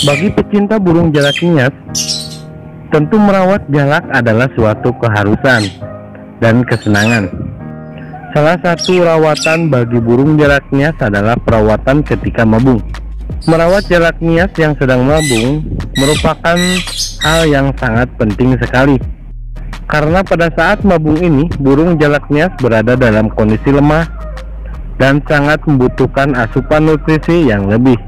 Bagi pecinta burung jalak nias, tentu merawat jalak adalah suatu keharusan dan kesenangan. Salah satu rawatan bagi burung jalak nias adalah perawatan ketika mabung. Merawat jalak nias yang sedang mabung merupakan hal yang sangat penting sekali. Karena pada saat mabung ini, burung jalak nias berada dalam kondisi lemah dan sangat membutuhkan asupan nutrisi yang lebih.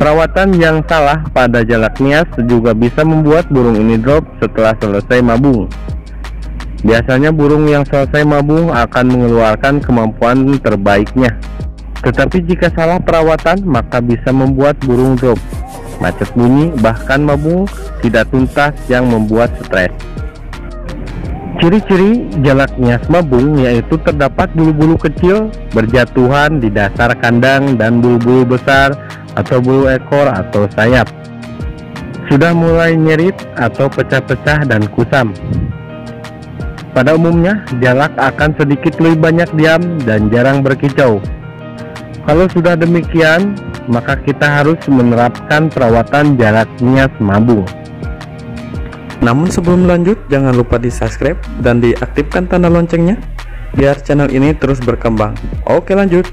Perawatan yang salah pada jalak nias juga bisa membuat burung ini drop setelah selesai mabung. Biasanya burung yang selesai mabung akan mengeluarkan kemampuan terbaiknya. Tetapi jika salah perawatan maka bisa membuat burung drop, macet bunyi, bahkan mabung tidak tuntas yang membuat stres. Ciri-ciri jalak nias mabung yaitu terdapat bulu-bulu kecil berjatuhan di dasar kandang dan bulu-bulu besar atau bulu ekor atau sayap. Sudah mulai nyerit atau pecah-pecah dan kusam. Pada umumnya, jalak akan sedikit lebih banyak diam dan jarang berkicau. Kalau sudah demikian, maka kita harus menerapkan perawatan jalak nias mabung. Namun sebelum lanjut, jangan lupa di subscribe dan diaktifkan tanda loncengnya biar channel ini terus berkembang. Oke lanjut.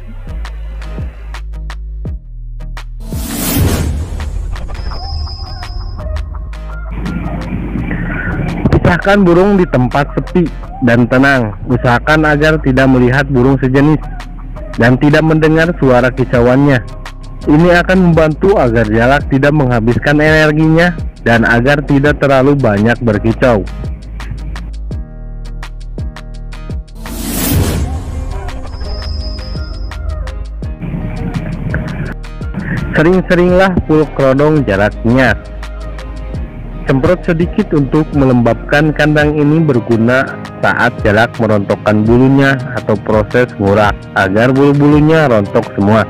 Pisahkan burung di tempat sepi dan tenang. Usahakan agar tidak melihat burung sejenis dan tidak mendengar suara kicauannya. Ini akan membantu agar jalak tidak menghabiskan energinya dan agar tidak terlalu banyak berkicau. Sering-seringlah puluk krodong jaraknya Semprot sedikit untuk melembabkan kandang ini berguna saat jarak merontokkan bulunya atau proses ngurak agar bulu-bulunya rontok semua.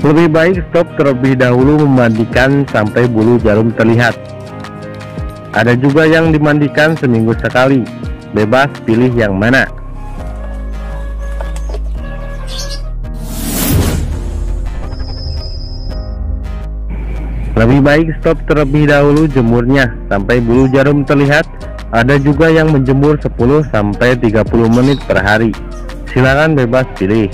Lebih baik stop terlebih dahulu memandikan sampai bulu jarum terlihat. Ada juga yang dimandikan seminggu sekali. Bebas pilih yang mana. Lebih baik stop terlebih dahulu jemurnya sampai bulu jarum terlihat. Ada juga yang menjemur 10 sampai 30 menit per hari. Silakan bebas pilih.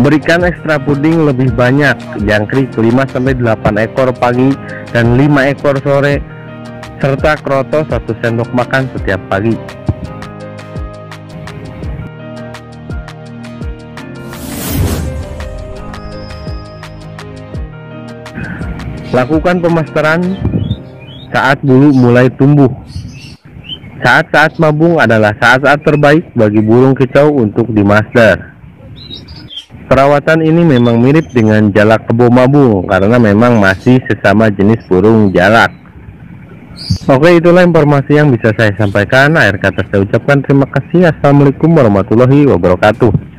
Berikan ekstra puding lebih banyak, jangkrik 5-8 sampai ekor pagi dan 5 ekor sore, serta kroto 1 sendok makan setiap pagi. Lakukan pemasteran saat bulu mulai tumbuh. Saat-saat mabung adalah saat-saat terbaik bagi burung kicau untuk dimaster. Perawatan ini memang mirip dengan jalak kebo mabung karena memang masih sesama jenis burung jalak. Oke itulah informasi yang bisa saya sampaikan. Akhir kata saya ucapkan terima kasih. Assalamualaikum warahmatullahi wabarakatuh.